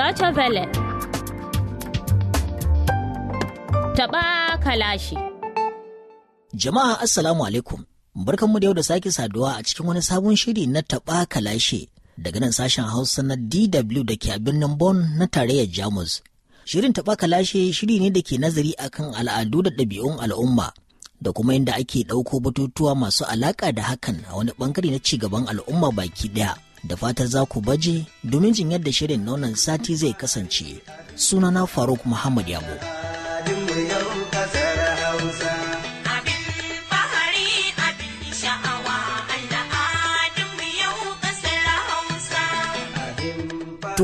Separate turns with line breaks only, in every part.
Deutsche Welle. Taɓa kalashi. Jama'a Assalamu alaikum. Barkanmu da yau da sake saduwa a cikin wani sabon shiri na taɓa kalashe daga nan sashen Hausa na DW da ke a birnin Bonn na tarayyar Jamus. Shirin taɓa kalashe shiri ne da ke nazari akan al'adu da ɗabi'un al'umma. da kuma inda ake ɗauko batutuwa masu alaƙa da hakan a wani ɓangare na cigaban al'umma baki ɗaya. da fatar za ku baje domin jin yadda shirin nonon sati zai kasance sunana faruk muhammad yabo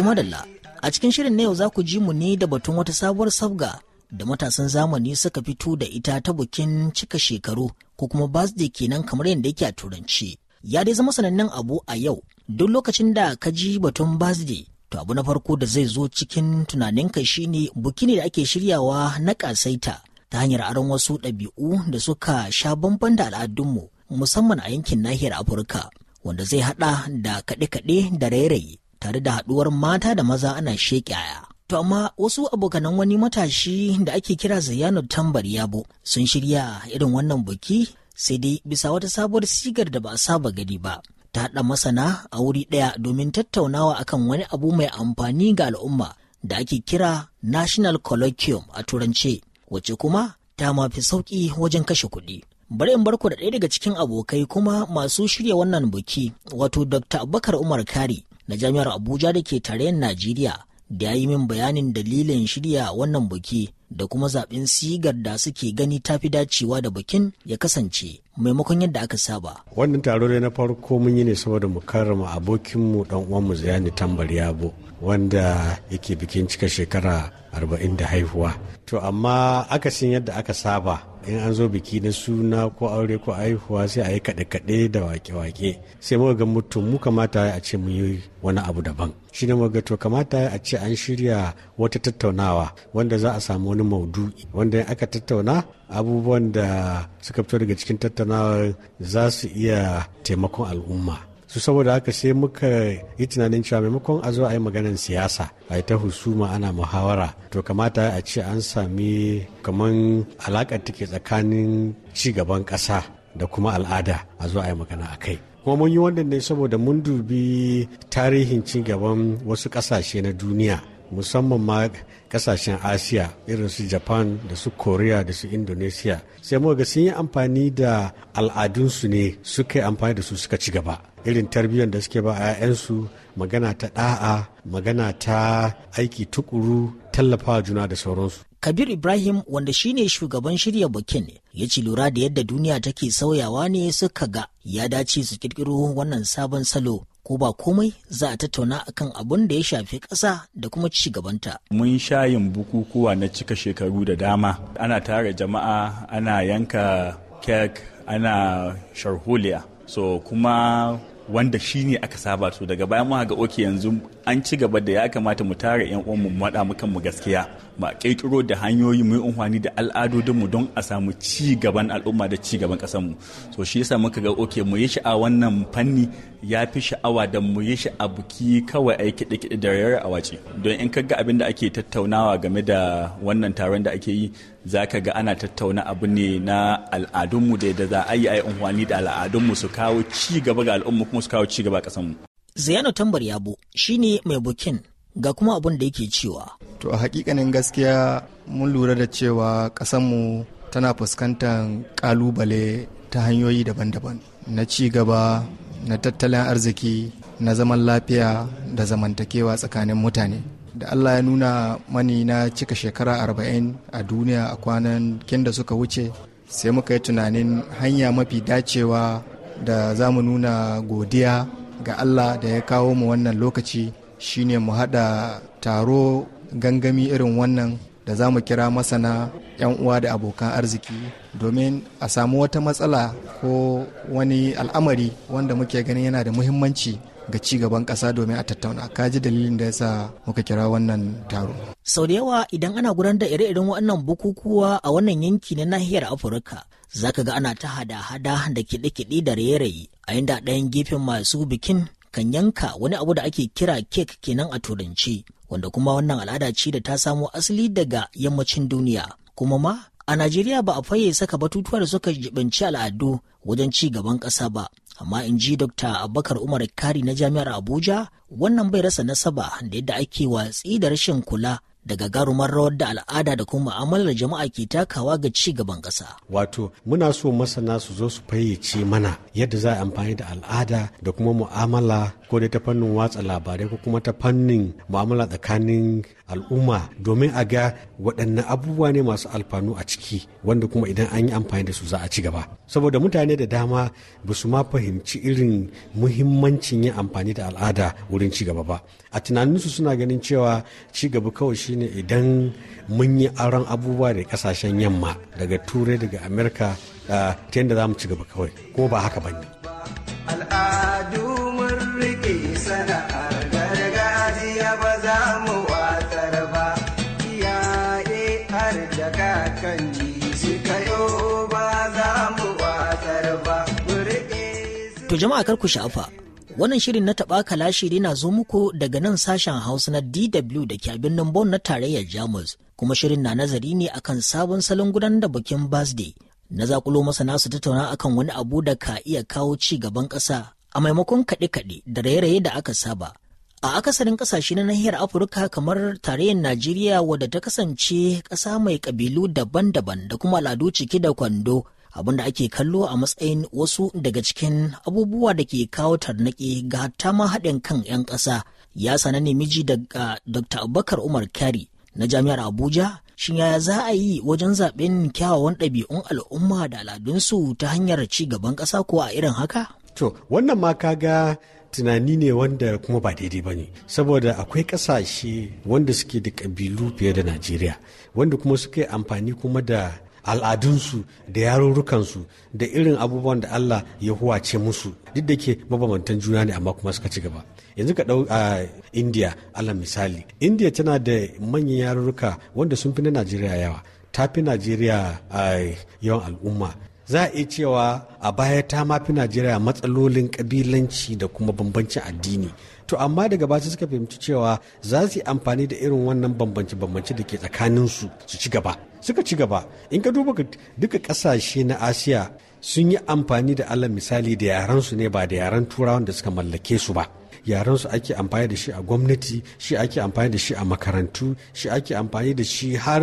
madalla a cikin shirin na yau za ku ji mu ne da batun wata sabuwar sabga da matasan zamani suka fito da ita ta bukin cika shekaru ko kuma birthday kenan kamar yadda yake a turanci ya dai zama sanannen abu a yau duk lokacin da ka ji batun birthday to abu na farko da zai zo cikin tunaninka shine buki ne da ake shiryawa na kasaita ta hanyar aron wasu ɗabi'u da suka sha bamban da al'adunmu musamman a yankin nahiyar afirka wanda zai haɗa da kaɗe-kaɗe da rairayi tare da haɗuwar mata da maza ana sheƙaya. To amma wasu abokanan wani matashi da ake kira Zayano Tambar Yabo sun shirya irin wannan buki sai dai bisa wata sabuwar sigar da ba a saba gani ba. ta haɗa masana a wuri ɗaya domin tattaunawa akan wani abu mai amfani ga al'umma da ake kira National Colloquium a Turance, wacce kuma ta mafi sauƙi wajen kashe kuɗi. Bari in barku da ɗaya daga cikin abokai kuma masu shirya wannan buki, wato Dr. Abubakar Umar Kari na Jami'ar Abuja da ke tarayyar Najeriya, da ya yi min bayanin dalilin shirya wannan buki da kuma zaɓin sigar da suke gani ta fi dacewa da bikin ya kasance maimakon yadda aka saba.
Wannan taro dai na farko mun yi ne saboda mu karrama abokinmu dan uwanmu Ziyani Tambar Yabo wanda yake bikin cika shekara arba'in da haihuwa. To amma akasin yadda aka saba in an zo biki na suna ko aure ko haihuwa sai a yi kaɗe-kaɗe da wake-wake sai muka ga mutum mu kamata a ce mu yi wani abu daban shi ne muka to kamata a ce an shirya wata tattaunawa wanda za a samu wani maudu'i wanda in aka tattauna abubuwan da suka fito daga cikin tattaunawa za su iya taimakon al'umma su saboda haka sai muka yi tunanin cewa maimakon a zo a yi maganar siyasa a ta husuma ana muhawara to kamata a ce an sami kamar alaƙar take tsakanin cigaban gaban ƙasa da kuma al'ada a zo a yi magana a kai kuma mun yi wannan ne saboda mun dubi tarihin cigaban wasu ƙasashe na duniya musamman ma kasashen asiya irin su japan da su korea da su indonesia sai muka ga sun yi amfani da al'adunsu ne suka yi amfani da su suka ci gaba irin tarbiyyar da suke ba a 'ya'yansu magana ta ɗa'a magana ta aiki tukuru tallafawa juna da sauransu kabir ibrahim wanda shine shugaban shirya bukin ya ci lura da
yadda duniya take sauyawa ne suka ga ya dace su kirkiro wannan sabon salo ko ba komai za a tattauna akan abun da ya shafi ƙasa da kuma ci gabanta.
Mun shayin bukukuwa na cika shekaru da dama. Ana tara jama'a, ana yanka kek, ana sharholiya. So kuma wanda shi ne aka saba to daga bayan muka ga oke yanzu an ci gaba da ya kamata mu tara yan uwan mu maɗa mu gaskiya ba ƙirƙiro da hanyoyi mu unhwani da al'adodinmu don a samu ci gaban al'umma da ci gaban ƙasarmu so shi yasa muka ga oke mu yi sha'awa wannan fanni ya fi sha'awa da mu yi a buki kawai ai kiɗe kiɗe da rayuwar a wace don in ka ga abin da ake tattaunawa game da wannan taron da ake yi za ka ga ana tattauna abu ne na al'adunmu da yadda za a yi ai unhwani da al'adunmu su kawo ci gaba ga al'ummu kuma su kawo ci gaba ƙasarmu.
Ziyano Tambar Yabo ne mai bukin ga kuma abin da yake cewa to a hakikanin gaskiya mun lura da cewa mu tana fuskantar ƙalubale ta hanyoyi daban-daban na ci gaba na tattalin arziki na zaman lafiya da zamantakewa tsakanin mutane da allah ya nuna mani na cika shekara arba'in a duniya a kwanan kin da suka wuce sai muka yi tunanin hanya mafi dacewa da za mu nuna godiya ga allah da ya kawo mu wannan lokaci shine mu haɗa taro gangami irin wannan da za mu kira masana 'yan uwa da abokan arziki domin a samu wata matsala ko wani al'amari wanda muke ganin yana da muhimmanci ga ci gaban ƙasa domin a tattauna ka ji dalilin da yasa muka kira wannan taro. sau da yawa idan ana gudanar da ire-iren waɗannan bukukuwa a wannan yanki na nahiyar afirka zaka ga ana ta hada-hada da kiɗe-kiɗe da raye-raye a inda ɗayan gefen masu bikin kan yanka wani abu da ake kira kek kenan a turance wanda kuma wannan al'ada ce da ta samo asali daga yammacin duniya kuma ma a najeriya ba a faye saka batutuwa da suka jibanci al'adu wajen ci gaban ƙasa ba amma in ji dr abubakar umar kari na jami'ar abuja wannan bai rasa nasaba da yadda ake watsi da rashin kula da gagarumar rawar da al'ada da kuma mu'amalar jama'a ke takawa ga ci gaban ƙasa.
Wato muna so masana su zo su fayyace mana yadda za a amfani da al'ada da kuma mu'amala ko dai ta fannin watsa labarai ko kuma ta fannin mu'amala tsakanin al'umma domin a ga waɗannan abubuwa ne masu alfanu a ciki wanda kuma idan an yi amfani da su za a ci gaba saboda mutane da dama ba su ma fahimci irin muhimmancin yin amfani da al'ada wurin ci gaba ba a tunaninsu suna ganin cewa ci gaba kawai shine idan mun yi auren abubuwa da kasashen yamma daga turai daga amerika ah, ta yadda za mu ci gaba kawai ko ba haka ba ne
Wato jama'a kar ku sha'afa. Wannan shirin na taɓa kalashi na zo muku daga nan sashen Hausa na DW da ke birnin Bonn na tarayyar Jamus. Kuma shirin na nazari ne akan sabon salon gudan da bikin birthday. Na zakulo masana su tattauna akan wani abu da ka iya kawo ci gaban ƙasa a maimakon kaɗe-kaɗe da raye-raye da aka saba. A akasarin ƙasashe na nahiyar Afirka kamar tarayyar Najeriya wadda ta kasance ƙasa mai ƙabilu daban-daban da kuma al'adu cike da kwando abin da ake kallo a matsayin wasu daga cikin abubuwa da ke kawo tarnaƙi ga hatta ma haɗin kan 'yan ƙasa ya sana ne miji daga dr abubakar umar kari na jami'ar abuja shin yaya za a yi wajen zaɓen kyawawan ɗabi'un al'umma da al'adunsu
ta hanyar ci gaban ƙasa ko a irin haka to wannan ma kaga tunani ne wanda kuma ba daidai ba ne saboda akwai ƙasashe wanda suke da ƙabilu fiye da najeriya wanda kuma suka amfani kuma da al'adunsu da yarurrukansu da irin abubuwan da Allah ya huwace musu duk da ke mabambantan juna ne amma kuma suka ci gaba yanzu ka ɗau a ah, india allah misali india tana da manyan yarurruka wanda sun fi na najeriya yawa ta fi najeriya a ah, yawan al'umma za a iya cewa a baya ta ma fi najeriya matsalolin ƙabilanci da kuma bambancin addini to amma daga baya suka fahimci cewa za su yi amfani da irin wannan bambance-bambance da ke tsakanin su su ci gaba suka ci gaba in ka duba duka kasashe na asiya sun yi amfani da allah misali da yaran su ne ba da yaran turawan da suka mallake su ba yaran su ake amfani da shi a gwamnati shi ake amfani da shi a makarantu shi ake amfani da shi har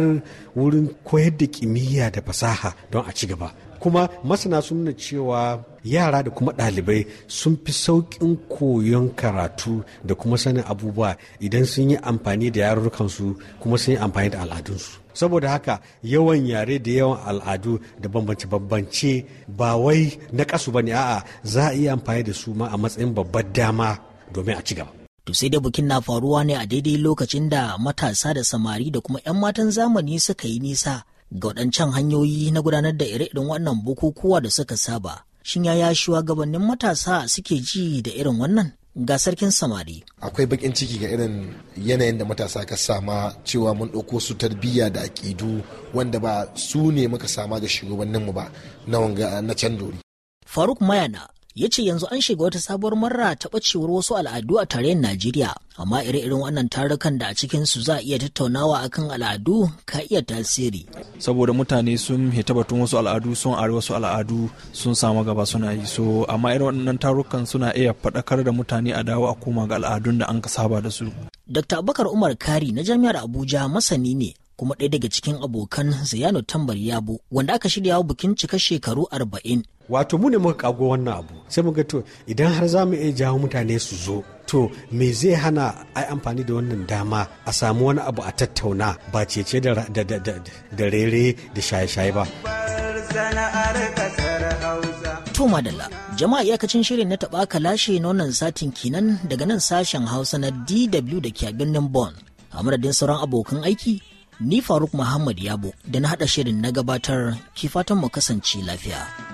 wurin koyar da kimiyya da fasaha don a ci gaba kuma masana sun nuna cewa yara da kuma ɗalibai sun fi sauƙin koyon karatu da kuma sanin abubuwa idan sun yi amfani da yarurukansu kuma sun yi amfani da al'adunsu saboda haka yawan yare da yawan al'adu da bambance-bambance ba wai na kasu ba ne a'a za a iya amfani da su ma a matsayin babbar dama
domin a ci gaba To sai da bukin na faruwa ne a daidai lokacin da matasa da samari da kuma 'yan matan zamani suka yi nisa ga waɗancan hanyoyi na gudanar da ire-iren wannan bukukuwa da suka saba shin yaya gabanin matasa suke ji da irin wannan ga sarkin samari akwai bakin ciki ga irin yanayin da matasa ka sama cewa mun ɗauko su tarbiyya da aƙidu wanda ba su ne muka sama ga shugabanninmu ba na na can dori faruk mayana ya ce yanzu an shiga wata sabuwar marra ta ɓacewar wasu al'adu a tarayyar Najeriya, amma ire-iren wannan tarukan da a cikin su za a iya tattaunawa a kan al'adu ka iya tasiri. Saboda mutane sun hita batun wasu al'adu sun are wasu al'adu sun samu gaba suna yi so amma irin wannan tarukan suna iya faɗakar da mutane a dawo a koma ga al'adun da an ka saba da su. Dr. Abubakar Umar Kari na Jami'ar Abuja masani ne kuma ɗaya daga cikin abokan Ziyano Tambar Yabo wanda aka shirya bikin cika shekaru
arba'in. Wato mu ne muka kago wannan abu sai muka to idan har za mu iya jawo mutane su zo to me zai hana ai amfani da wannan dama a samu wani abu a tattauna ba cece da rere da shaye-shaye ba.
To madalla jama'a iyakacin shirin na taɓa kalashe na wannan satin kenan daga nan sashen hausa na DW da ke birnin Bon. A madadin sauran abokan aiki, ni Faruk Muhammad Yabo da na haɗa shirin na gabatar ki fatan mu kasance lafiya.